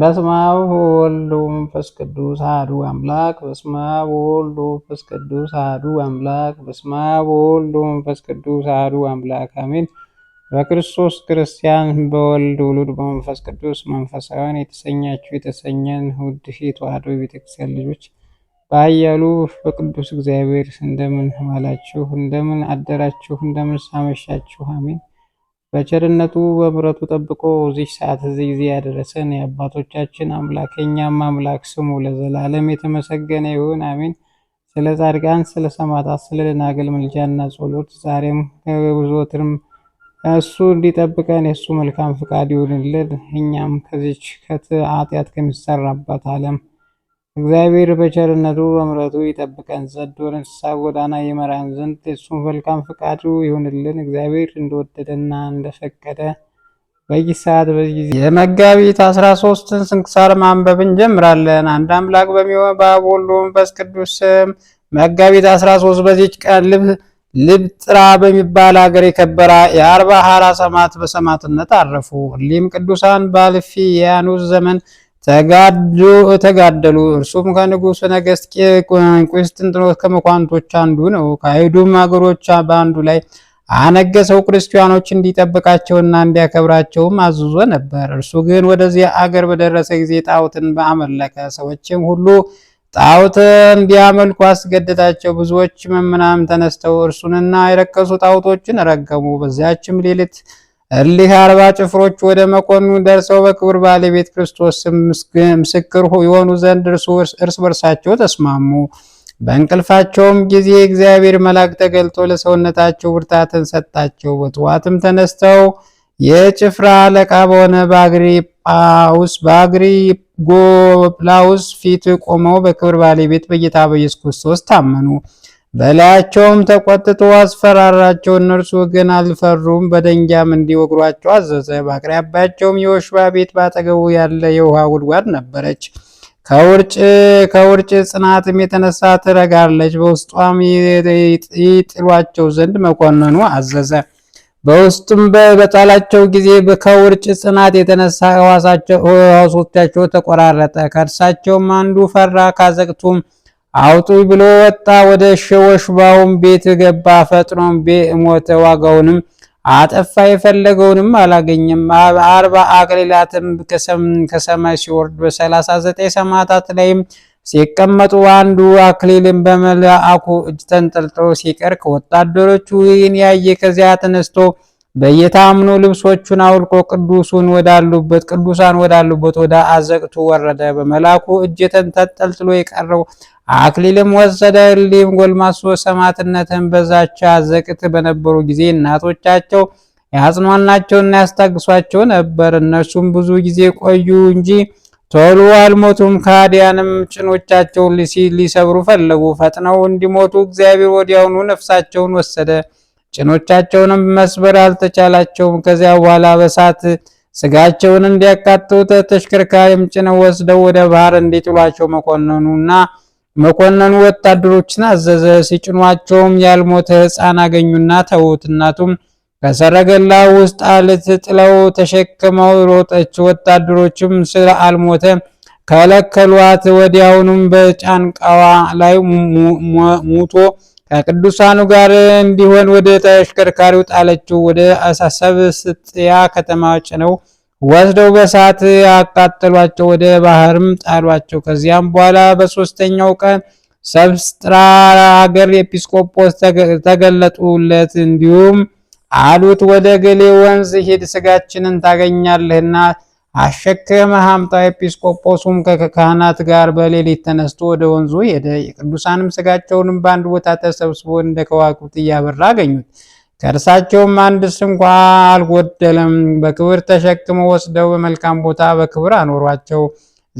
በስመ አብ ወወልድ ወመንፈስ ቅዱስ አሐዱ አምላክ በስመ አብ ወወልድ ወመንፈስ ቅዱስ አሐዱ አምላክ በስመ አብ ወወልድ ወመንፈስ ቅዱስ አሐዱ አምላክ አሜን። በክርስቶስ ክርስቲያን በወልድ ውሉድ በመንፈስ ቅዱስ መንፈሳውያን የተሰኛችሁ የተሰኘን ውድ የተዋሕዶ ቤተክርስቲያን ልጆች ባያሉ በቅዱስ እግዚአብሔር እንደምን ዋላችሁ? እንደምን አደራችሁ? እንደምን ሳመሻችሁ? አሜን። በቸርነቱ በምረቱ ጠብቆ እዚህ ሰዓት እዚህ ጊዜ ያደረሰን የአባቶቻችን አምላክ የኛም አምላክ ስሙ ለዘላለም የተመሰገነ ይሁን፣ አሜን። ስለ ጻድቃን፣ ስለ ሰማዕታት፣ ስለ ደናግል ምልጃና ጸሎት ዛሬም ብዙትርም እሱ እንዲጠብቀን የእሱ መልካም ፍቃድ ይሁንልን። እኛም ከዚች ከኃጢአት ከሚሰራባት ዓለም እግዚአብሔር በቸርነቱ በምረቱ ይጠብቀን ዘንድ ወደ ጎዳና ይመራን ዘንድ እሱም መልካም ፈቃዱ ይሁንልን። እግዚአብሔር እንደወደደና እንደፈቀደ በዚህ ሰዓት በዚህ ጊዜ የመጋቢት አስራ ሶስትን ስንክሳር ማንበብ እንጀምራለን። አንድ አምላክ በሚሆን በአብ ወልድ ቅዱስ ስም መጋቢት አስራ ሶስት በዚች ቀን ልብጥራ በሚባል ሀገር የከበረ የአርባ ሀራ ሰማዕት በሰማዕትነት አረፉ። ሊም ቅዱሳን ባልፊ የያኑስ ዘመን ተጋደሉ። እርሱም ከንጉሱ ነገስት ቁስጥንጥኖስ ከመኳንቶች አንዱ ነው። ከአይሁድም አገሮች በአንዱ ላይ አነገሰው። ክርስቲያኖች እንዲጠብቃቸውና እንዲያከብራቸውም አዝዞ ነበር። እርሱ ግን ወደዚያ አገር በደረሰ ጊዜ ጣዖትን በአመለከ ሰዎችም ሁሉ ጣዖት እንዲያመልኩ አስገደዳቸው። ብዙዎች ምእመናንም ተነስተው እርሱንና የረከሱ ጣዖቶችን ረገሙ። በዚያችም ሌሊት እሊህ አርባ ጭፍሮች ወደ መኮንኑ ደርሰው በክቡር ባለቤት ክርስቶስ ምስክር የሆኑ ዘንድ እርስ በርሳቸው ተስማሙ። በእንቅልፋቸውም ጊዜ እግዚአብሔር መልአክ ተገልጦ ለሰውነታቸው ብርታትን ሰጣቸው። በጥዋትም ተነስተው የጭፍራ አለቃ በሆነ በአግሪጳውስ በአግሪጎላውስ ፊት ቆመው በክብር ባለቤት በጌታ በኢየሱስ ክርስቶስ ታመኑ። በላያቸውም ተቆጥቶ አስፈራራቸው። እነርሱ ግን አልፈሩም፣ በደንጃም እንዲወግሯቸው አዘዘ። በአቅራቢያቸውም የወሽባ ቤት በአጠገቡ ያለ የውሃ ጉድጓድ ነበረች። ከውርጭ ጽናትም የተነሳ ትረጋለች። በውስጧም ይጥሏቸው ዘንድ መኮንኑ አዘዘ። በውስጡም በጣላቸው ጊዜ ከውርጭ ጽናት የተነሳ ሕዋሶቻቸው ተቆራረጠ። ከእርሳቸውም አንዱ ፈራ፣ ካዘግቱም አውጡ ብሎ ወጣ። ወደ ሸወሽባውም ቤት ገባ። ፈጥኖም ሞተ። ዋጋውንም አጠፋ። የፈለገውንም አላገኘም። አርባ አክሊላትም ከሰማይ ሲወርድ በሰላሳ ዘጠኝ ሰማዕታት ላይም ሲቀመጡ አንዱ አክሊልን በመልአኩ እጅ ተንጠልጥሎ ሲቀር ከወታደሮቹ ይህን ያየ ከዚያ ተነስቶ በየታምኑ ልብሶቹን አውልቆ ቅዱሱን ወዳሉበት ቅዱሳን ወዳሉበት ወደ አዘቅቱ ወረደ። በመላኩ እጅ ተንጠልጥሎ የቀረው አክሊልም ወሰደ። ሊም ጎልማሶ ሰማዕትነትን በዛች አዘቅት በነበሩ ጊዜ እናቶቻቸው ያጽኗናቸውና ያስታግሷቸው ነበር። እነሱም ብዙ ጊዜ ቆዩ እንጂ ቶሎ አልሞቱም። ከሃዲያንም ጭኖቻቸውን ሊሰብሩ ፈለጉ። ፈጥነው እንዲሞቱ እግዚአብሔር ወዲያውኑ ነፍሳቸውን ወሰደ። ጭኖቻቸውንም መስበር አልተቻላቸውም። ከዚያ በኋላ በሳት ስጋቸውን እንዲያቃጥሉ ተሽከርካሪም ጭነው ወስደው ወደ ባህር እንዲጥሏቸው መኮንኑና መኮንኑ ወታደሮችን አዘዘ። ሲጭኗቸውም ያልሞተ ሕፃን አገኙና ተዉት። እናቱም ከሰረገላ ውስጥ አልት ጥለው ተሸክመው ሮጠች። ወታደሮችም ስለ አልሞተ ከለከሏት። ወዲያውኑም በጫንቃዋ ላይ ሙቶ ከቅዱሳኑ ጋር እንዲሆን ወደ ተሽከርካሪው ጣለችው። ወደ አሳሰብ ስጥያ ከተማ ጭነው ወስደው በሳት ያቃጠሏቸው፣ ወደ ባህርም ጣሏቸው። ከዚያም በኋላ በሶስተኛው ቀን ሰብስትራ ሀገር ኤጲስቆጶስ ተገለጡለት፣ እንዲሁም አሉት ወደ ገሌ ወንዝ ሂድ ስጋችንን ታገኛለህና አሸክመህ አምጣ። ኤጲስቆጶሱም ከካህናት ጋር በሌሊት ተነስቶ ወደ ወንዙ ሄደ። የቅዱሳንም ስጋቸውንም በአንድ ቦታ ተሰብስቦ እንደ ከዋክብት እያበራ አገኙት። ከእርሳቸውም አንድስ እንኳ አልጎደለም። በክብር ተሸክመው ወስደው በመልካም ቦታ በክብር አኖሯቸው።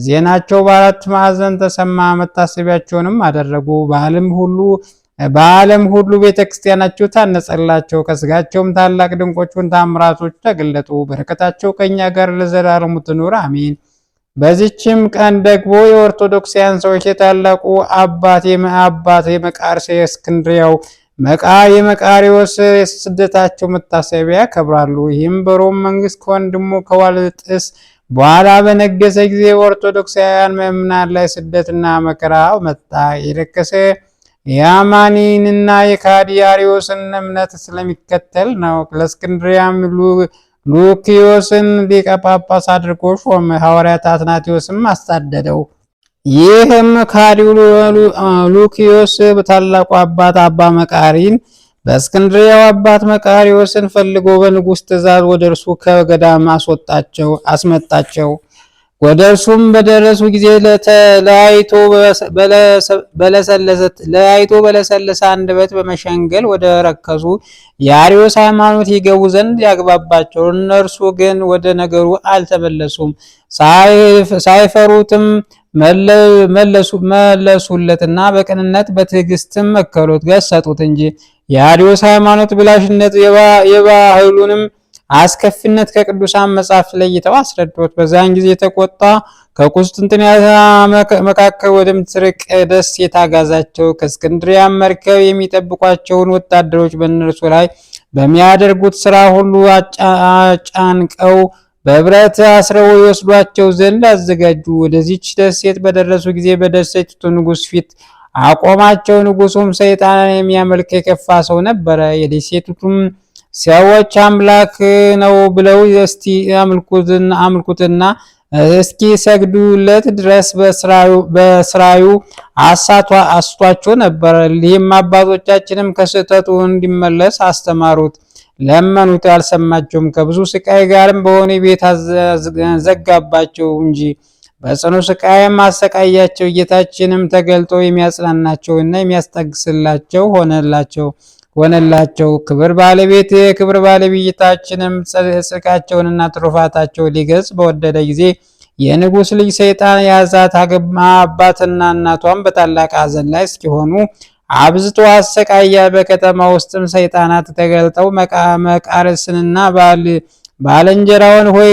ዜናቸው በአራት ማዕዘን ተሰማ። መታሰቢያቸውንም አደረጉ። በዓለም ሁሉ በዓለም ሁሉ ቤተክርስቲያናቸው ታነጸላቸው። ከስጋቸውም ታላቅ ድንቆቹን ታምራቶች ተገለጡ። በረከታቸው ከእኛ ጋር ለዘላለሙ ትኑር አሜን። በዚችም ቀን ደግሞ የኦርቶዶክሳውያን ሰዎች የታላቁ አባት አባት የመቃርስ የእስክንድሪያው መቃ የመቃሪዎስ ስደታቸው መታሰቢያ ያከብራሉ። ይህም በሮም መንግስት ከወንድሙ ከዋልጥስ በኋላ በነገሰ ጊዜ በኦርቶዶክሳውያን ምእምናን ላይ ስደትና መከራ መጣ። የደከሰ የአማኒንና የካዲ እምነት ስለሚከተል ነው። ለእስክንድሪያም ሉኪዮስን ሊቀ ጳጳስ አድርጎ ሾመ። ሐዋርያት አትናቴዎስም አሳደደው። ይህም ካዲው ሉኪዮስ ታላቁ አባት አባ መቃሪን በእስክንድሪያው አባት መቃሪዎስን ፈልጎ በንጉሥ ትእዛዝ ወደ እርሱ ከገዳም አስወጣቸው አስመጣቸው። ወደ እርሱም በደረሱ ጊዜ ለያይቶ በለሰለሰ አንደበት በመሸንገል ወደ ረከሱ የአርዮስ ሃይማኖት ይገቡ ዘንድ ያግባባቸው። እነርሱ ግን ወደ ነገሩ አልተመለሱም፣ ሳይፈሩትም መለሱለትና በቅንነት በትዕግስትም መከሩት፣ ገሰጡት እንጂ የአርዮስ ሃይማኖት ብላሽነት የባህሉንም አስከፊነት ከቅዱሳን መጻሕፍት ለይተው አስረዶት በዛን ጊዜ የተቆጣ ከቁስጥንጥንያ መካከል ወደምትርቅ ደሴት አጋዛቸው። ከእስክንድሪያ መርከብ የሚጠብቋቸውን ወታደሮች በእነርሱ ላይ በሚያደርጉት ስራ ሁሉ አጫንቀው በብረት አስረው ይወስዷቸው ዘንድ አዘጋጁ። ወደዚች ደሴት በደረሱ ጊዜ በደሴቲቱ ንጉሥ ፊት አቆማቸው። ንጉሱም ሰይጣንን የሚያመልክ የከፋ ሰው ነበረ። የደሴቲቱም ሰዎች አምላክ ነው ብለው እስቲ አምልኩትና እስኪ ሰግዱለት ድረስ በስራዩ አስቷቸው ነበር። ይህም አባቶቻችንም ከስህተቱ እንዲመለስ አስተማሩት፣ ለመኑት፣ አልሰማቸውም። ከብዙ ስቃይ ጋርም በሆነ ቤት ዘጋባቸው እንጂ በጽኑ ስቃይም አሰቃያቸው። ጌታችንም ተገልጦ የሚያጽናናቸውና የሚያስጠግስላቸው ሆነላቸው። ሆነላቸው። ክብር ባለቤት የክብር ባለቤታችንም ጽድቃቸውንና ትሩፋታቸውን ሊገልጽ በወደደ ጊዜ የንጉሥ ልጅ ሰይጣን የያዛት አባትና እናቷን በታላቅ ሐዘን ላይ እስኪሆኑ አብዝቶ አሰቃያ። በከተማ ውስጥም ሰይጣናት ተገልጠው መቃርስንና ባልንጀራውን ሆይ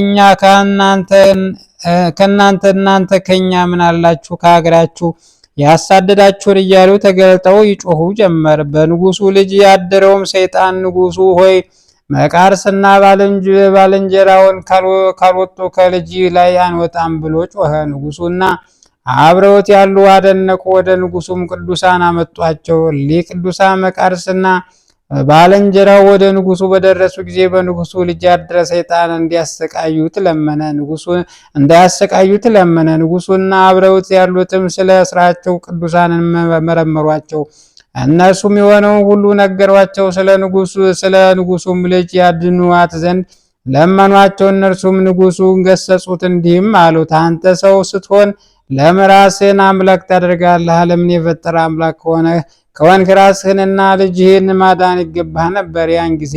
እኛ ከእናንተ እናንተ ከእኛ ምን አላችሁ ከሀገራችሁ ያሳደዳችሁን እያሉ ተገልጠው ይጮሁ ጀመር። በንጉሱ ልጅ ያደረውም ሰይጣን ንጉሱ ሆይ መቃርስና ባልንጀራውን ካልወጡ ከልጅ ላይ አንወጣም ብሎ ጮኸ። ንጉሱና አብረውት ያሉ አደነቁ። ወደ ንጉሱም ቅዱሳን አመጧቸው። እሊህ ቅዱሳን መቃርስና ባልንጀራው ወደ ንጉሱ በደረሱ ጊዜ በንጉሱ ልጅ አድረ ሰይጣን እንዲያሰቃዩት ለመነ። ንጉሱ እንዳያሰቃዩት ለመነ። ንጉሱና አብረውት ያሉትም ስለ ስራቸው ቅዱሳንን መረመሯቸው። እነሱ የሆነውን ሁሉ ነገሯቸው። ስለ ንጉሱ ስለ ንጉሱም ልጅ ያድኑዋት ዘንድ ለመኗቸው። እነርሱም ንጉሱን ገሰጹት፣ እንዲህም አሉት አንተ ሰው ስትሆን ለምን አምላክ ታደርጋለህ? ዓለምን የፈጠረ አምላክ ከሆነ ከወንክ ራስህንና ልጅህን ማዳን ይገባህ ነበር። ያን ጊዜ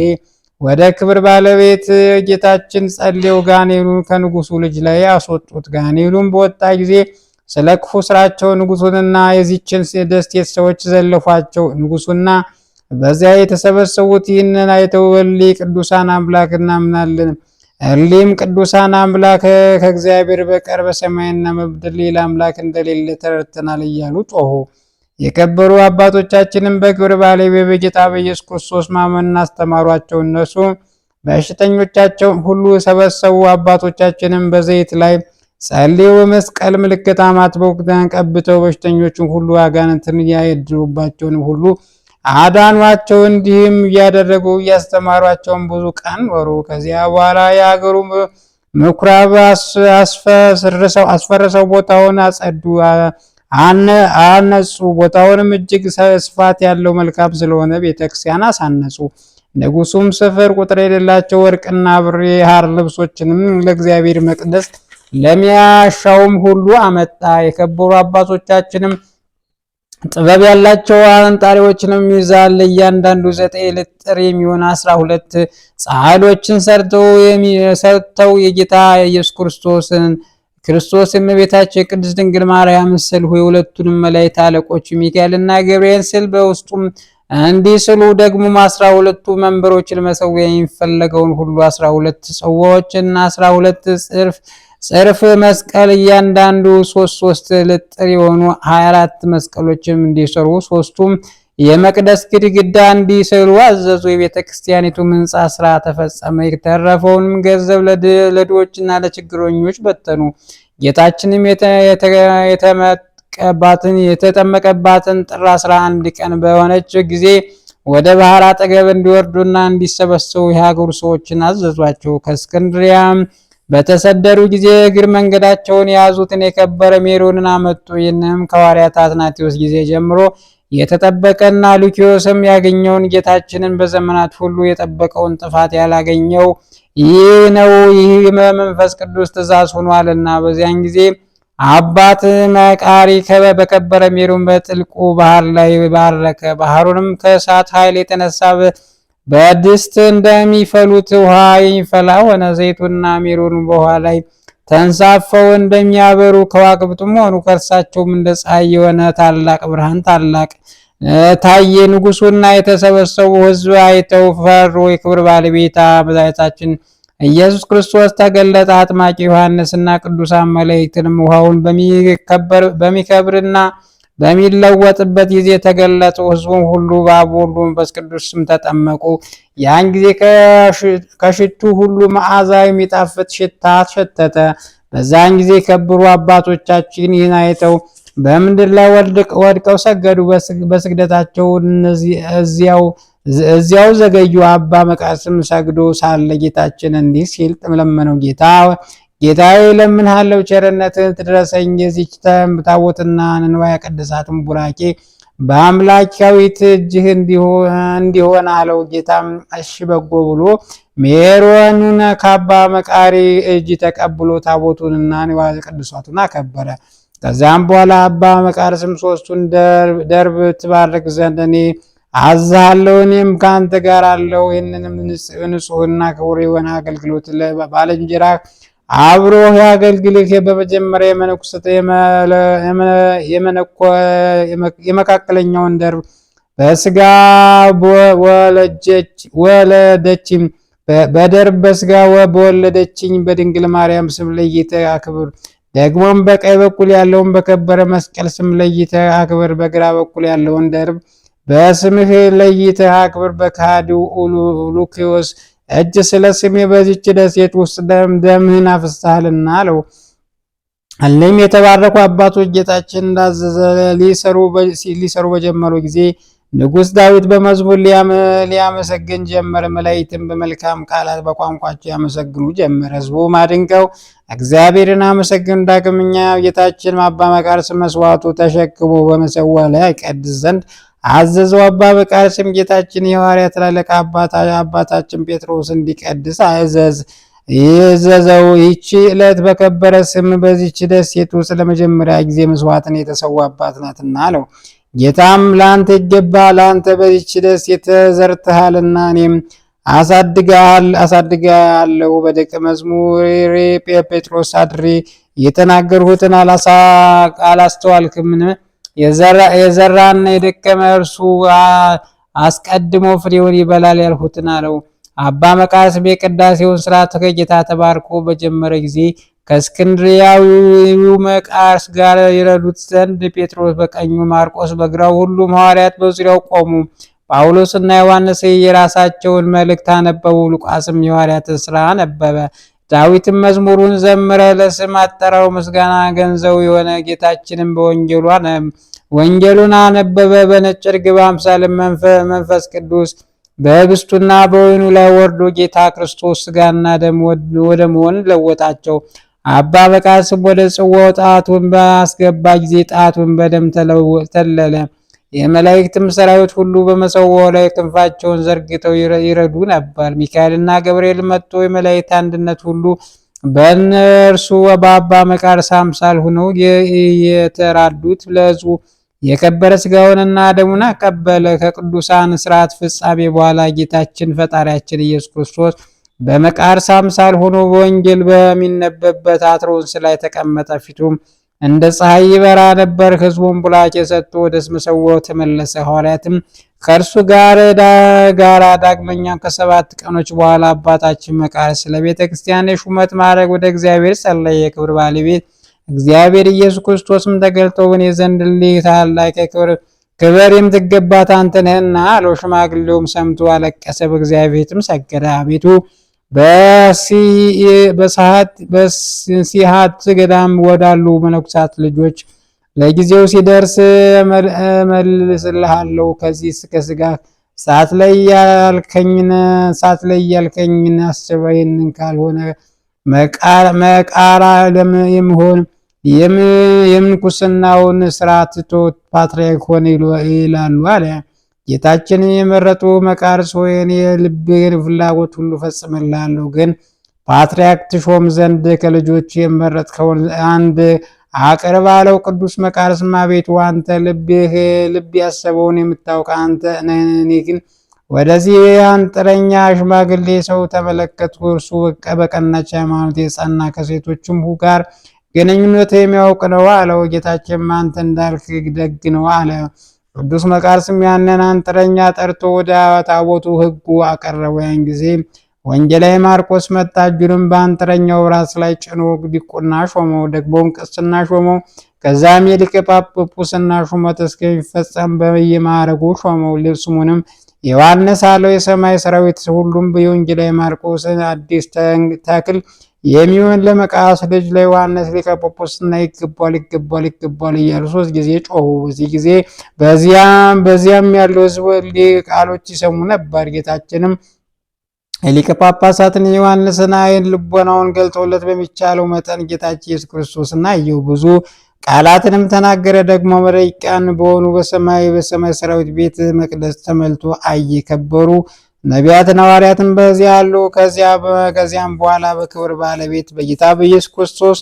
ወደ ክብር ባለቤት ጌታችን ጸሌው ጋኔሉን ከንጉሱ ልጅ ላይ አስወጡት። ጋኔሉን በወጣ ጊዜ ስለ ክፉ ስራቸው ንጉሱንና የዚችን ደሴት ሰዎች ዘለፏቸው። ንጉሱና በዚያ የተሰበሰቡት ይህንን አይተው እሊህ ቅዱሳን አምላክ እናምናለን። እሊም ቅዱሳን አምላክ ከእግዚአብሔር በቀር በሰማይና በምድር ሌላ አምላክ እንደሌለ ተረድተናል እያሉ ጮሁ። የከበሩ አባቶቻችንም በክብር ባለቤት በጌታ በኢየሱስ ክርስቶስ ማመንን አስተማሯቸው። እነሱ በሽተኞቻቸው ሁሉ ሰበሰቡ። አባቶቻችንም በዘይት ላይ ጸልዩ በመስቀል ምልክት አማትበው ቀብተው በሽተኞችን ሁሉ አጋንንትን እያደሩባቸውን ሁሉ አዳኗቸው። እንዲህም እያደረጉ እያስተማሯቸውን ብዙ ቀን ወሩ። ከዚያ በኋላ የሀገሩ ምኩራብ አስፈረሰው፣ ቦታውን አጸዱ። አነጹ። ቦታውንም እጅግ ስፋት ያለው መልካም ስለሆነ ቤተክርስቲያን አሳነጹ። ንጉሱም ስፍር ቁጥር የሌላቸው ወርቅና ብር ሐር ልብሶችንም ለእግዚአብሔር መቅደስ ለሚያሻውም ሁሉ አመጣ። የከበሩ አባቶቻችንም ጥበብ ያላቸው አንጣሪዎችንም ይዛል። ለእያንዳንዱ ዘጠኝ ልጥር የሚሆን አስራ ሁለት ፀሐሎችን ሰርተው የጌታ ኢየሱስ ክርስቶስን ክርስቶስ የእመቤታችን የቅድስት ድንግል ማርያም ምስል ሆይ ሁለቱንም መላእክት አለቆች ሚካኤልና ገብርኤል ስል በውስጡም እንዲህ ስሉ ደግሞ አስራ ሁለቱ መንበሮችን መሰዊያ የሚፈለገውን ሁሉ አስራ ሁለት ጽዋዎችና አስራ ሁለት ጽርፍ ጽርፍ መስቀል እያንዳንዱ ሶስት ሶስት ልጥር የሆኑ አራት መስቀሎችም እንዲሰሩ ሶስቱም የመቅደስ ግድግዳ እንዲስሉ አዘዙ። የቤተ ክርስቲያኒቱ ሕንፃ ስራ ተፈጸመ። የተረፈውንም ገንዘብ ለድሆችና ለችግረኞች በተኑ። ጌታችንም የተመቀባትን የተጠመቀባትን ጥር አስራ አንድ ቀን በሆነች ጊዜ ወደ ባህር አጠገብ እንዲወርዱና እንዲሰበሰቡ የሀገሩ ሰዎችን አዘዟቸው። ከእስክንድሪያም በተሰደሩ ጊዜ እግር መንገዳቸውን የያዙትን የከበረ ሜሮንን አመጡ። ይህንም ከሐዋርያት አትናቴዎስ ጊዜ ጀምሮ የተጠበቀና ሉኪዮስም ያገኘውን ጌታችንን በዘመናት ሁሉ የጠበቀውን ጥፋት ያላገኘው ይህ ነው። ይህ በመንፈስ ቅዱስ ትእዛዝ ሆኗልና። በዚያን ጊዜ አባት መቃሪ በከበረ ሜሩን በጥልቁ ባህር ላይ ባረከ። ባህሩንም ከእሳት ኃይል የተነሳ በድስት እንደሚፈሉት ውሃ የሚፈላ ሆነ። ዘይቱና ሜሩን በውሃ ላይ ተንሳፈው እንደሚያበሩ ከዋክብቱም ሆኑ ከእርሳቸውም እንደ ፀሐይ የሆነ ታላቅ ብርሃን ታላቅ ታየ። ንጉሱና የተሰበሰቡ ሕዝብ አይተው ፈሩ። የክብር ባለቤት መድኃኒታችን ኢየሱስ ክርስቶስ ተገለጠ። አጥማቂ ዮሐንስና ቅዱሳን መላእክትንም ውሃውን በሚከብርና በሚለወጥበት ጊዜ ተገለጡ። ህዝቡ ሁሉ በአብ ወልድ ቅዱስ ስም ተጠመቁ። ያን ጊዜ ከሽቱ ሁሉ መዓዛ የሚጣፍጥ ሽታ ሸተተ። በዛን ጊዜ የከበሩ አባቶቻችን ይህን አይተው በምድር ላይ ወድቀው ሰገዱ። በስግደታቸው እዚያው እዚያው ዘገዩ። አባ መቃርስም ሰግዶ ሳለ ጌታችን እንዲህ ሲል ለመነው። ጌታ ጌታዬ ለምንሃለው ቸርነትህ ትድረሰኝ። የዚች ታቦትና ንዋየ ቅድሳትም ቡራኬ በአምላካዊት እጅህ እንዲሆን አለው። ጌታም እሺ በጎ ብሎ ሜሮኑን ካባ መቃሪ እጅ ተቀብሎ ታቦቱንና ንዋየ ቅድሳቱን አከበረ። ከዚያም በኋላ አባ መቃርስም ሶስቱን ደርብ ትባርክ ዘንድ እኔ አዛለው እኔም ከአንተ ጋር አለው። ይህንንም ንጹህና ክቡር የሆነ አገልግሎት ባልንጀራህ አብሮ ያገልግልህ። በመጀመሪያ የመነኩሰት የመካከለኛውን ደርብ በስጋ ወለደችኝ በደርብ በስጋ በወለደችኝ በድንግል ማርያም ስም ለይተ አክብር። ደግሞም በቀኝ በኩል ያለውን በከበረ መስቀል ስም ለይተ አክብር። በግራ በኩል ያለውን ደርብ በስምህ ለይተ አክብር። በካዲው ሉኪዮስ እጅ ስለ ስሜ በዚች ደሴት ውስጥ ደምህን አፍስሰሃልና አለው። እሊህም የተባረኩ አባቶች ጌታችን እንዳዘዘ ሊሰሩ በጀመሩ ጊዜ ንጉሥ ዳዊት በመዝሙር ሊያመሰግን ጀመር። መላእክትም በመልካም ቃላት በቋንቋቸው ያመሰግኑ ጀመር። ሕዝቡም አድንቀው እግዚአብሔርን አመሰግኑ። ዳግመኛ ጌታችን አባ መቃርስ መስዋዕቱ ተሸክሞ በመሰዋ ላይ ይቀድስ ዘንድ አዘዘው። አባ በቃርስም ጌታችን የሐዋርያት አለቃ አባታችን ጴጥሮስ እንዲቀድስ አዘዝ ይዘዘው። ይቺ ዕለት በከበረ ስም በዚች ደሴት ውስጥ ለመጀመሪያ ጊዜ መስዋዕትን የተሰዋባት ናትና አለው። ጌታም ለአንተ ይገባ ለአንተ በዚች ደሴት ተዘርተሃልና እኔም አሳድጋለሁ። በደቀ መዝሙሬ ጴጥሮስ አድሬ የተናገርሁትን አላስተዋልክምን? የዘራና የደከመ እርሱ አስቀድሞ ፍሬውን ይበላል ያልሁትን አለው። አባ መቃርስ የቅዳሴውን ስርዓት ከጌታ ተባርኮ በጀመረ ጊዜ ከእስክንድሪያዊው መቃርስ ጋር ይረዱት ዘንድ ጴጥሮስ በቀኙ ማርቆስ በግራው ሁሉም ሐዋርያት በዙሪያው ቆሙ። ጳውሎስና ዮሐንስ የራሳቸውን መልእክት አነበቡ። ሉቃስም የሐዋርያትን ስራ አነበበ። ዳዊትም መዝሙሩን ዘምረ ለስም አጠራው። ምስጋና ገንዘው የሆነ ጌታችንም በወንጌሉ ወንጌሉን አነበበ። በነጭ ርግብ አምሳልም መንፈስ ቅዱስ በህብስቱና በወይኑ ላይ ወርዶ ጌታ ክርስቶስ ስጋና ደም ወደ መሆን ለወጣቸው። አባ በቃስም ወደ ጽዋው ጣቱን በአስገባ ጊዜ ጣቱን በደም ተለለ። የመላእክትም ሰራዊት ሁሉ በመሰዊያው ላይ ክንፋቸውን ዘርግተው ይረዱ ነበር። ሚካኤልና ገብርኤል መጥቶ የመላእክት አንድነት ሁሉ በእነርሱ በአባ መቃርስ አምሳል ሆነው የተራዱት ለሕዝቡ የከበረ ስጋውንና ደሙን አቀበለ። ከቅዱሳን ስርዓት ፍጻሜ በኋላ ጌታችን ፈጣሪያችን ኢየሱስ ክርስቶስ በመቃርስ አምሳል ሆኖ በወንጌል በሚነበብበት አትሮንስ ላይ ተቀመጠ። ፊቱም እንደ ፀሐይ ይበራ ነበር። ህዝቡን ቡራኬ የሰጡ ወደ መሰዊያው ተመለሰ። ሐዋርያትም ከእርሱ ጋር ጋራ ዳግመኛ ከሰባት ቀኖች በኋላ አባታችን መቃርስ ስለ ቤተ ክርስቲያን የሹመት ማድረግ ወደ እግዚአብሔር ጸለየ። የክብር ባለቤት እግዚአብሔር ኢየሱስ ክርስቶስም ተገልጦ እኔ ዘንድ ልይ ታላቅ የክብር ክብር የምትገባት አንተ ነህና አለው። ሽማግሌውም ሰምቶ አለቀሰ፣ በእግዚአብሔርም ሰገደ። አቤቱ በሲሃት ገዳም ወዳሉ መነኩሳት ልጆች ለጊዜው ሲደርስ መልስልሃለሁ። ከዚህ እስከ ስጋ ሰዓት ላይ ያልከኝን ሰዓት ላይ ያልከኝን አስበይን ካልሆነ መቃራ የምሆን የምንኩስናውን ስራ ትቶ ፓትርያርክ ሆነ ይላሉ አለ። ጌታችንን የመረጡ መቃርስ ሆይ እኔ የልብህን ፍላጎት ሁሉ ፈጽምላለሁ። ግን ፓትርያርክ ትሾም ዘንድ ከልጆች የመረጥከውን አንድ አቅርብ አለው። ቅዱስ መቃርስም አቤቱ አንተ ልብህ ልብ ያሰበውን የምታውቅ አንተ እኔ ግን ወደዚህ አንጥረኛ ሽማግሌ ሰው ተመለከትኩ። እርሱ በቀናች ሃይማኖት የጸና ከሴቶችም ሁ ጋር ግንኙነት የሚያውቅ ነው አለው። ጌታችንም አንተ እንዳልክ ደግ ነው አለ። ቅዱስ መቃርስም ያንን አንጥረኛ ጠርቶ ወደ ታቦቱ ሕጉ አቀረበ። ያን ጊዜ ወንጌላዊ ማርቆስ መጣ። እጁንም በአንጥረኛው ራስ ላይ ጭኖ ዲቁና ሾመው፣ ደግሞም ቅስና ሾመው። ከዛም የሊቀ ጳጳስና ሹመት እስከሚፈጸም በየማዕረጉ ሾመው። ልብሱንም ዮሐንስ አለው። የሰማይ ሰራዊት ሁሉም የወንጌላዊ ማርቆስ አዲስ ተክል የሚሆን ለመቃስ ልጅ ለዮሐንስ ሊቀ ጳጳስና ይገባል ይገባል ይገባል እያሉ ሶስት ጊዜ ጮሁ። በዚህ ጊዜ በዚያም በዚያም ያለው ሕዝብ ቃሎች ይሰሙ ነበር። ጌታችንም ሊቀ ጳጳሳትን የዮሐንስን ዓይን ልቦናውን ገልጦለት በሚቻለው መጠን ጌታችን ኢየሱስ ክርስቶስን አየው። ብዙ ቃላትንም ተናገረ። ደግሞ መላእክት በሆኑ በሰማይ በሰማይ ሰራዊት ቤተ መቅደስ ተመልቶ አየ። ከበሩ ነቢያትን ሐዋርያትን በዚያ አሉ። ከዚያም በኋላ በክብር ባለቤት በጌታ በኢየሱስ ክርስቶስ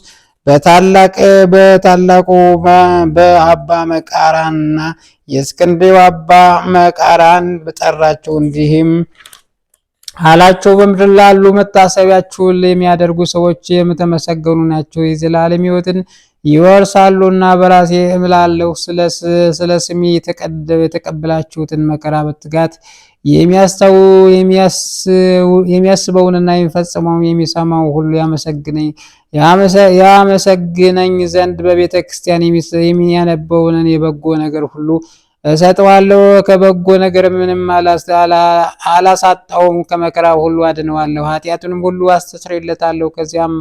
በታላቅ በታላቁ በአባ መቃራንና የእስክንድርያው አባ መቃራን በጠራቸው እንዲህም አላቸው በምድር ላሉ መታሰቢያችሁን የሚያደርጉ ሰዎች የምተመሰገኑ ናቸው፣ የዘላለም ሕይወትን ይወርሳሉና በራሴ እምላለሁ። ስለ ስሜ የተቀበላችሁትን መከራ በትጋት የሚያስታው የሚያስበውንና የሚፈጽመው የሚሰማው ሁሉ ያመሰግነኝ ያመሰግነኝ ዘንድ በቤተ ክርስቲያን የሚያነበውን የበጎ ነገር ሁሉ እሰጠዋለሁ። ከበጎ ነገር ምንም አላሳጣውም። ከመከራ ሁሉ አድነዋለሁ። ኃጢአቱንም ሁሉ አስተስሬለታለሁ። ከዚያም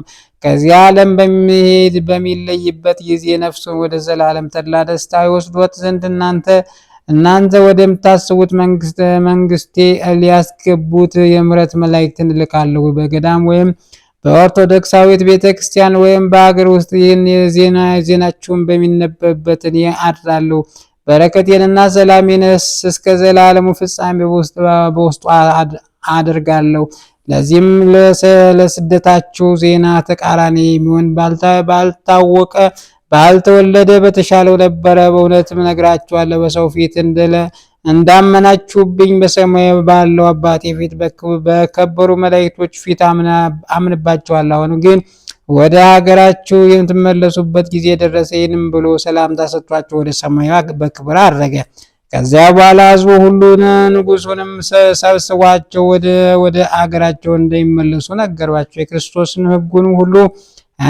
ከዚህ ዓለም በሚሄድ በሚለይበት ጊዜ ነፍሱን ወደ ዘላለም ተድላ ደስታ ይወስዶት ዘንድ እናንተ እናንተ ወደምታስቡት መንግስቴ ሊያስገቡት የምረት መላእክትን እልካለሁ። በገዳም ወይም በኦርቶዶክሳዊት ቤተ ክርስቲያን ወይም በአገር ውስጥ ይህን ዜናችሁን በሚነበብበት እኔ አድራለሁ። በረከቴንና ሰላሜንስ እስከ ዘላለሙ ፍጻሜ በውስጡ አድርጋለሁ ለዚህም ለስደታችሁ ዜና ተቃራኒ የሚሆን ባልታወቀ ባልተወለደ በተሻለው ነበረ። በእውነትም እነግራችኋለሁ በሰው ፊት እንዳመናችሁብኝ በሰማይ ባለው አባቴ ፊት በከበሩ መላእክቶች ፊት አምንባችኋለሁ። አሁን ግን ወደ ሀገራችሁ የምትመለሱበት ጊዜ ደረሰ። ይህንም ብሎ ሰላምታ ሰጥቷቸው ወደ ሰማዩ በክብር አረገ። ከዚያ በኋላ ህዝቡ ሁሉን ንጉሱንም ሰብስቧቸው ወደ አገራቸው እንደሚመለሱ ነገሯቸው። የክርስቶስን ህጉን ሁሉ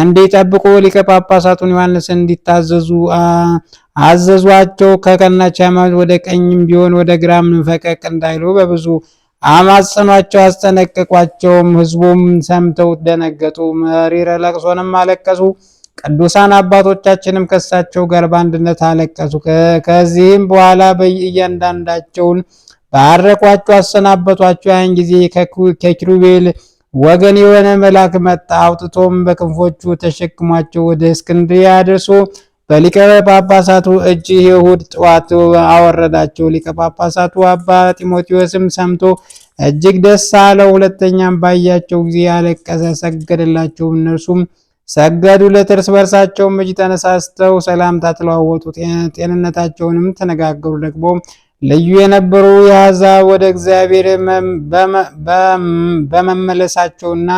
እንዴ ጠብቆ ሊቀ ጳጳሳቱን ዮሐንስን እንዲታዘዙ አዘዟቸው። ከቀናች ሃይማኖት ወደ ቀኝም ቢሆን ወደ ግራም ፈቀቅ እንዳይሉ በብዙ አማጽኗቸው አስጠነቀቋቸውም። ህዝቡም ሰምተው ደነገጡ፣ መሪረ ለቅሶንም አለቀሱ። ቅዱሳን አባቶቻችንም ከሳቸው ጋር በአንድነት አለቀሱ። ከዚህም በኋላ በእያንዳንዳቸውን ባረኳቸው፣ አሰናበቷቸው። ያን ጊዜ ከኪሩቤል ወገን የሆነ መልአክ መጣ። አውጥቶም በክንፎቹ ተሸክሟቸው ወደ እስክንድርያ ደርሶ በሊቀ ጳጳሳቱ እጅ እሑድ ጠዋት አወረዳቸው። ሊቀ ጳጳሳቱ አባ ጢሞቴዎስም ሰምቶ እጅግ ደስ አለው። ሁለተኛም ባያቸው ጊዜ ያለቀሰ፣ ሰገደላቸው። እነርሱም ሰገዱለት። እርስ በርሳቸውም እጅ ተነሳስተው ሰላምታ ተለዋወጡ። ጤንነታቸውንም ተነጋገሩ። ደግሞ ልዩ የነበሩ የአሕዛብ ወደ እግዚአብሔር በመመለሳቸውና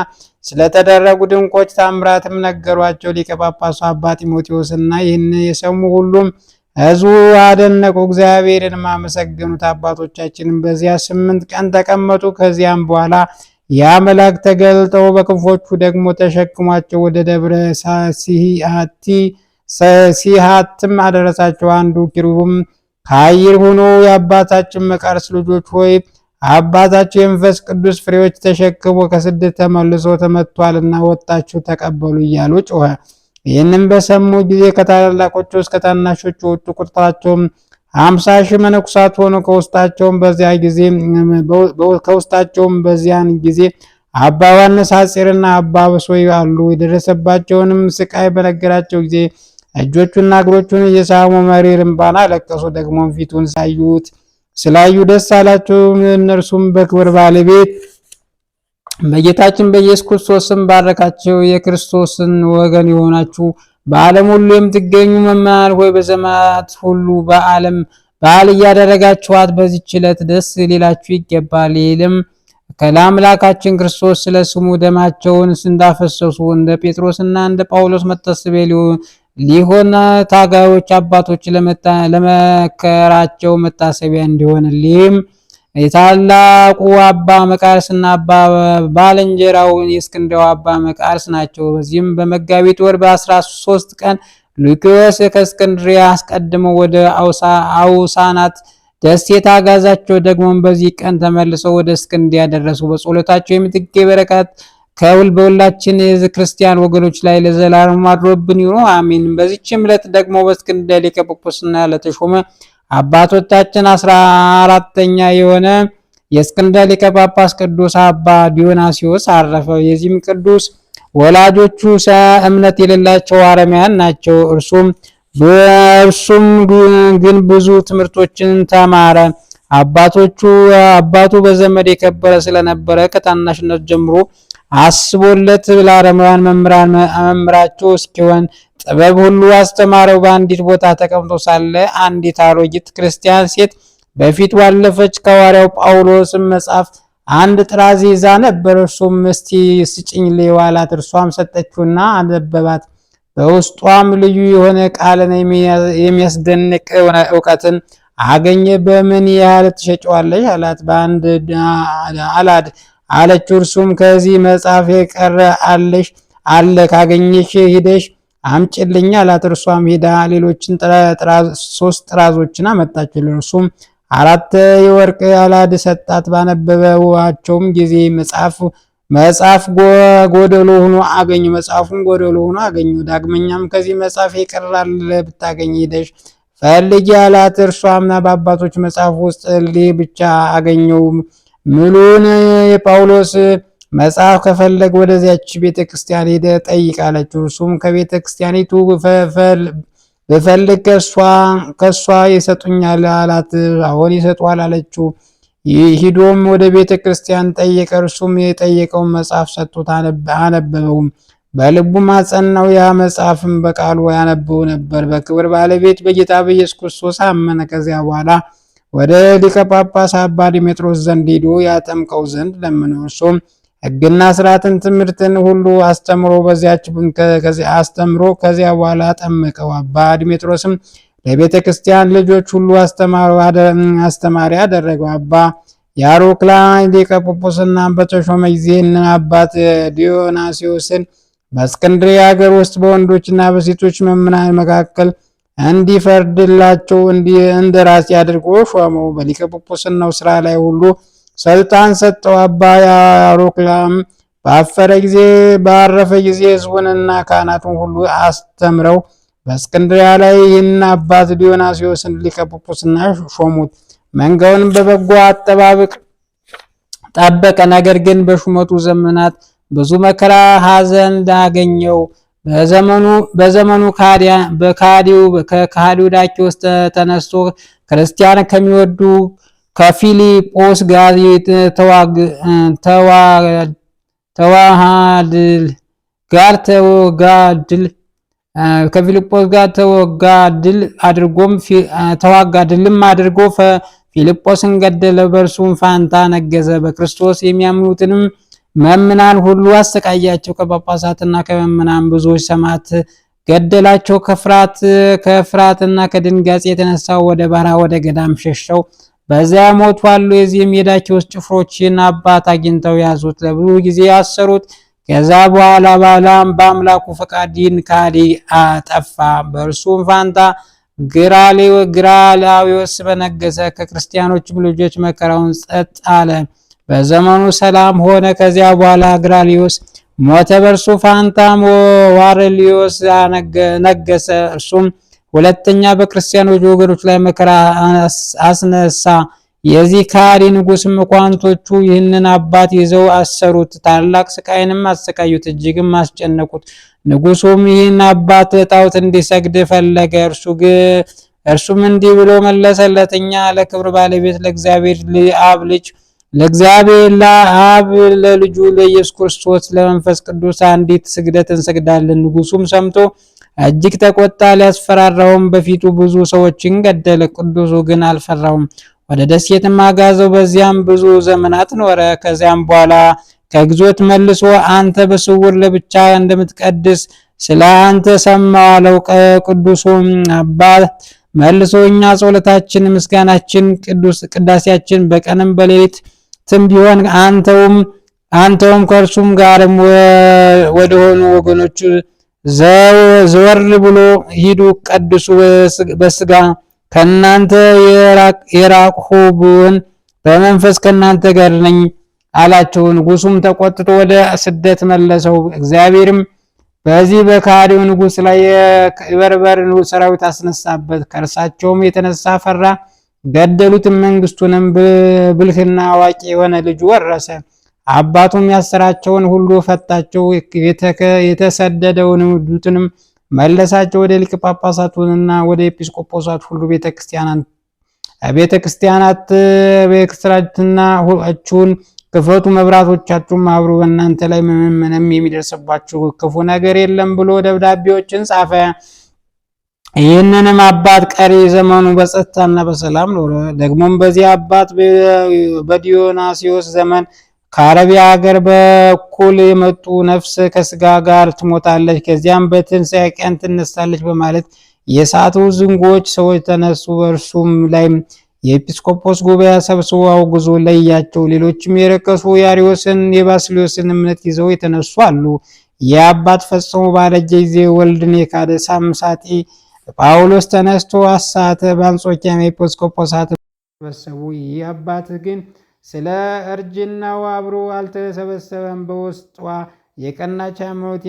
ስለተደረጉ ድንቆች ታምራትም ነገሯቸው። ሊቀ ጳጳሱ አባ ጢሞቴዎስና ይህን የሰሙ ሁሉም ሕዝቡ አደነቁ፣ እግዚአብሔርን ማመሰገኑት። አባቶቻችንም በዚያ ስምንት ቀን ተቀመጡ። ከዚያም በኋላ ያ መልአክ ተገልጠው በክንፎቹ ደግሞ ተሸክሟቸው ወደ ደብረ ሲሃትም አደረሳቸው። አንዱ ኪሩብም ከአይር ሆኖ የአባታችን መቃርስ ልጆች ሆይ አባታችሁ የመንፈስ ቅዱስ ፍሬዎች ተሸክሞ ከስደት ተመልሶ ተመቷልና ወጣችሁ ተቀበሉ እያሉ ጮኸ። ይህንም በሰሙ ጊዜ ከታላላቆቹ እስከ ታናሾቹ ወጡ። ቁጥራቸውም አምሳ ሺህ መነኩሳት ሆኑ። ከውስጣቸውም በዚያ ጊዜ ከውስጣቸውም በዚያን ጊዜ አባ ዮሐንስ ሐጺርና አባ ብሶ አሉ። የደረሰባቸውንም ስቃይ በነገራቸው ጊዜ እጆቹና እግሮቹን እየሳሙ መሪር እምባን አለቀሱ። ደግሞም ፊቱን ሳዩት ስላዩ ደስ አላቸው። እነርሱም በክብር ባለቤት በጌታችን በኢየሱስ ክርስቶስም ባረካቸው። የክርስቶስን ወገን የሆናችሁ በዓለም ሁሉ የምትገኙ መምህራን ሆይ በዘመናት ሁሉ በዓለም በዓል እያደረጋችኋት በዚች ዕለት ደስ ሊላችሁ ይገባል። ይልም ከለአምላካችን ክርስቶስ ስለ ስሙ ደማቸውን እንዳፈሰሱ እንደ ጴጥሮስና እንደ ጳውሎስ መታሰቢያ ሊሆን ታጋዮች አባቶች ለመከራቸው መታሰቢያ እንዲሆንልኝ የታላቁ አባ መቃርስና አባ ባልንጀራው የእስክንድርያው አባ መቃርስ ናቸው። በዚህም በመጋቢት ወር በ13 ቀን ሉኪዮስ ከእስክንድርያ አስቀድመው ወደ አውሳናት ደሴት አጋዛቸው። ደግሞም በዚህ ቀን ተመልሰው ወደ እስክንድርያ ደረሱ። በጸሎታቸው የምትጌ በረከት ከውል በሁላችን የህዝብ ክርስቲያን ወገኖች ላይ ለዘላለም አድሮብን ይኑ አሚን። በዚችም ዕለት ደግሞ በእስክንድርያ ሊቀ ጵጵስና ለተሾመ አባቶቻችን አስራ አራተኛ የሆነ የእስክንድርያ ሊቀ ጳጳስ ቅዱስ አባ ዲዮናሲዎስ አረፈ። የዚህም ቅዱስ ወላጆቹ እምነት የሌላቸው አረሚያን ናቸው። እርሱም በእርሱም ግን ብዙ ትምህርቶችን ተማረ። አባቶቹ አባቱ በዘመድ የከበረ ስለነበረ ከታናሽነት ጀምሮ አስቦለት ለአረማውያን መምህራቸው እስኪሆን ጥበብ ሁሉ አስተማረው። በአንዲት ቦታ ተቀምጦ ሳለ አንዲት አሮጊት ክርስቲያን ሴት በፊት ባለፈች ከሐዋርያው ጳውሎስ መጽሐፍ አንድ ጥራዝ ይዛ ነበር። እርሱም እስቲ ስጭኝ ሊዋላት እርሷም ሰጠችውና አነበባት። በውስጧም ልዩ የሆነ ቃልን የሚያስደንቅ እውቀትን አገኘ። በምን ያህል ትሸጨዋለች አላት። በአንድ አላድ አለችው። እርሱም ከዚህ መጽሐፍ የቀረ አለሽ አለ ካገኘሽ ሂደሽ አምጭልኝ አላት። እርሷም ሂዳ ሌሎችን ሶስት ጥራዞችን አመጣችልን። እርሱም አራት የወርቅ አላድ ሰጣት። ባነበበዋቸውም ጊዜ መጽሐፍ መጽሐፍ ጎደሎ ሆኖ አገኙ። መጽሐፉን ጎደሎ ሆኖ አገኙ። ዳግመኛም ከዚህ መጽሐፍ ይቀራል ብታገኝ ሂደሽ ፈልጊ አላት። እርሷም በአባቶች መጽሐፍ ውስጥ እልህ ብቻ አገኘው። ምሉን የጳውሎስ መጽሐፍ ከፈለግ ወደዚያች ቤተ ክርስቲያን ሄደ ጠይቃለች። እርሱም ከቤተ ክርስቲያኒቱ ብፈልግ ከእሷ ይሰጡኛል አላት። አሁን ይሰጧል አለችው። ሂዶም ወደ ቤተ ክርስቲያን ጠየቀ። እርሱም የጠየቀውን መጽሐፍ ሰጡት፣ አነበበውም በልቡም አጸናው። ያ መጽሐፍም በቃሉ ያነበው ነበር። በክብር ባለቤት በጌታ በኢየሱስ ክርስቶስ አመነ። ከዚያ በኋላ ወደ ሊቀ ጳጳስ አባ ዲሜጥሮስ ዘንድ ሄዶ ያጠምቀው ዘንድ ለምነው፣ እርሱም ሕግና ስርዓትን ትምህርትን ሁሉ አስተምሮ በዚያች አስተምሮ ከዚያ በኋላ ጠመቀው። አባ ዲሜጥሮስም ለቤተ ክርስቲያን ልጆች ሁሉ አስተማሪ አደረገው። አባ የአሮክላን ሊቀ ጳጳስና በተሾመ ጊዜ አባት ዲዮናሲዮስን በእስክንድርያ ሀገር ውስጥ በወንዶችና በሴቶች መምናን መካከል እንዲፈርድላቸው እንደራሴ አድርጎ ሾመው። በሊቀ ጵጵስናው ስራ ላይ ሁሉ ስልጣን ሰጠው። አባ ያሮክላም ባፈረ ጊዜ ባረፈ ጊዜ ህዝቡንና ካህናቱን ሁሉ አስተምረው በእስክንድሪያ ላይ ይህን አባት ዲዮናስዮስን ሊቀ ጵጵስና ሾሙት። መንጋውን በበጎ አጠባበቅ ጠበቀ። ነገር ግን በሹመቱ ዘመናት ብዙ መከራ ሐዘን አገኘው። በዘመኑ በዘመኑ ካዲያ በካዲው ከካዲው ዳኪዎስ ተነስቶ ክርስቲያን ከሚወዱ ከፊሊጶስ ጋር ተዋሃድል ጋር ተወጋድል ከፊልጶስ ጋር ተወጋድል አድርጎም ተዋጋድልም አድርጎ ፊልጶስን ገደለ። በእርሱም ፋንታ ነገዘ። በክርስቶስ የሚያምኑትንም መምናን ሁሉ አሰቃያቸው። ከጳጳሳትና ከመምናን ብዙዎች ሰማት ገደላቸው። ከፍራት ከፍራትና ከድንጋጽ የተነሳ ወደ ባራ ወደ ገዳም ሸሸው። በዚያ ሞቱ አሉ። የዚህም የዳኪዎስ ጭፍሮችን አባት አግኝተው ያዙት፣ ለብዙ ጊዜ ያሰሩት። ከዛ በኋላ ባላም በአምላኩ ፈቃድ ይህን ካዲ አጠፋ። በእርሱም ፋንታ ግራላዊዎስ በነገሰ። ከክርስቲያኖችም ልጆች መከራውን ጸጥ አለ። በዘመኑ ሰላም ሆነ። ከዚያ በኋላ አግራሊዮስ ሞተ፣ በእርሱ ፋንታም ዋርሊዮስ ነገሰ። እርሱም ሁለተኛ በክርስቲያኖች ወገኖች ላይ መከራ አስነሳ። የዚህ ካሪ ንጉስ መኳንቶቹ ይህንን አባት ይዘው አሰሩት፣ ታላቅ ስቃይንም አሰቃዩት፣ እጅግም አስጨነቁት። ንጉሱም ይህን አባት ጣዖት እንዲሰግድ ፈለገ። እርሱ እርሱም እንዲህ ብሎ መለሰለት፣ እኛ ለክብር ባለቤት ለእግዚአብሔር አብ ልጅ ለእግዚአብሔር ለአብ ለልጁ ለኢየሱስ ክርስቶስ ለመንፈስ ቅዱስ አንዲት ስግደት እንሰግዳለን። ንጉሱም ሰምቶ እጅግ ተቆጣ፣ ሊያስፈራራውም በፊቱ ብዙ ሰዎችን ገደለ። ቅዱሱ ግን አልፈራውም፣ ወደ ደሴትም አጋዘው። በዚያም ብዙ ዘመናት ኖረ። ከዚያም በኋላ ከግዞት መልሶ አንተ በስውር ለብቻ እንደምትቀድስ ስለ አንተ ሰማሁ አለው። ቅዱሱም አባት መልሶ እኛ ጸሎታችን፣ ምስጋናችን፣ ቅዱስ ቅዳሴያችን በቀንም በሌሊት ትም ቢሆን አንተውም አንተውም ከእርሱም ጋርም ወደሆኑ ወገኖቹ ዘወር ብሎ ሂዱ፣ ቀድሱ በስጋ ከእናንተ የራቅሁብን በመንፈስ ከእናንተ ጋር ነኝ አላቸው። ንጉሱም ተቆጥቶ ወደ ስደት መለሰው። እግዚአብሔርም በዚህ በካዲው ንጉሥ ላይ የበርበር ሰራዊት አስነሳበት። ከእርሳቸውም የተነሳ ፈራ። ገደሉትም። መንግስቱንም ብልህና አዋቂ የሆነ ልጅ ወረሰ። አባቱም ያሰራቸውን ሁሉ ፈታቸው፣ የተሰደደውን ዱትንም መለሳቸው። ወደ ሊቀ ጳጳሳቱንና ወደ ኤጲስቆጶሳት ሁሉ ቤተክርስቲያናት ቤተክርስቲያናት ኤክስትራትና ሁላችሁን ክፈቱ፣ መብራቶቻችሁም አብሩ። በእናንተ ላይ ምንም የሚደርስባችሁ ክፉ ነገር የለም ብሎ ደብዳቤዎችን ጻፈ። ይህንንም አባት ቀሪ ዘመኑ በጸጥታና በሰላም ኖረ። ደግሞም በዚህ አባት በዲዮናሲዮስ ዘመን ከአረቢያ ሀገር በኩል የመጡ ነፍስ ከስጋ ጋር ትሞታለች፣ ከዚያም በትንሣኤ ቀን ትነሳለች በማለት የሳቱ ዝንጎች ሰዎች ተነሱ። በእርሱም ላይም የኤጲስቆጶስ ጉባኤ ሰብስቦ አውግዞ ለያቸው። ሌሎችም የረከሱ የአሪዎስን የባስልዮስን እምነት ይዘው የተነሱ አሉ። የአባት ፈጽሞ ባረጀ ጊዜ ወልድን የካደ ሳምሳጢ ጳውሎስ ተነስቶ አሳተ። በአንጾኪያም ኤጲስቆጶሳት ተሰበሰቡ። ይህ አባት ግን ስለ እርጅናው አብሮ አልተሰበሰበም። በውስጧ የቀናች ሃይማኖት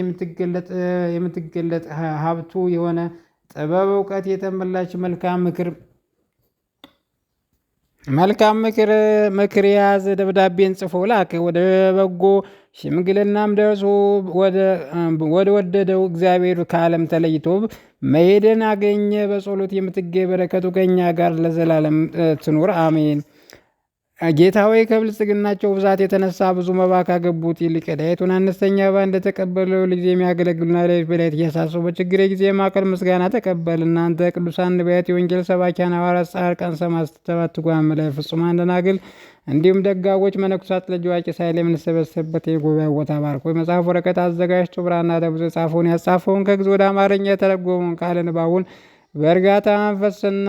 የምትገለጥ ሀብቱ የሆነ ጥበብ እውቀት የተመላች መልካም ምክር መልካም ምክር ምክር የያዘ ደብዳቤን ጽፎ ላክ። ወደ በጎ ሽምግልናም ደርሶ ወደ ወደደው እግዚአብሔር ከዓለም ተለይቶ መሄድን አገኘ። በጸሎት የምትገኝ በረከቱ ከእኛ ጋር ለዘላለም ትኑር አሜን። ጌታ ሆይ ከብልጽግናቸው ብዛት የተነሳ ብዙ መባ ካገቡት ይልቅ ዳይቱን አነስተኛ ባ እንደተቀበለው ጊዜ የሚያገለግሉና ሌሎች በዳይት እያሳሰቡ በችግር ጊዜ ማቀል ምስጋና ተቀበል። እናንተ ቅዱሳን ነቢያት፣ የወንጌል ሰባኪያን ሐዋርያት፣ ጻድቃን፣ ሰማዕታት፣ ጓም ላይ ፍጹማን ደናግል እንዲሁም ደጋጎች መነኩሳት ልጅ ዋቂ ሳይል የምንሰበሰብበት የጉባኤ ቦታ ባርኮ መጽሐፍ ወረቀት አዘጋጅቶ ብራና ደብዞ የጻፈውን ያጻፈውን ከግዕዝ ወደ አማርኛ የተረጎመውን ቃለ ንባቡን በእርጋታ መንፈስና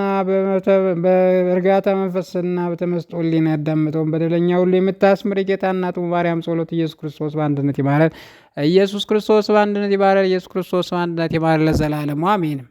በእርጋታ መንፈስና በተመስጦ ሕሊና ያዳምጠውን በደለኛ ሁሉ የምታስምር የጌታ እናቱ ማርያም ጸሎት ኢየሱስ ክርስቶስ በአንድነት ይማረን። ኢየሱስ ክርስቶስ በአንድነት ይማረን። ኢየሱስ ክርስቶስ በአንድነት ይማረን። ለዘላለሙ አሜንም።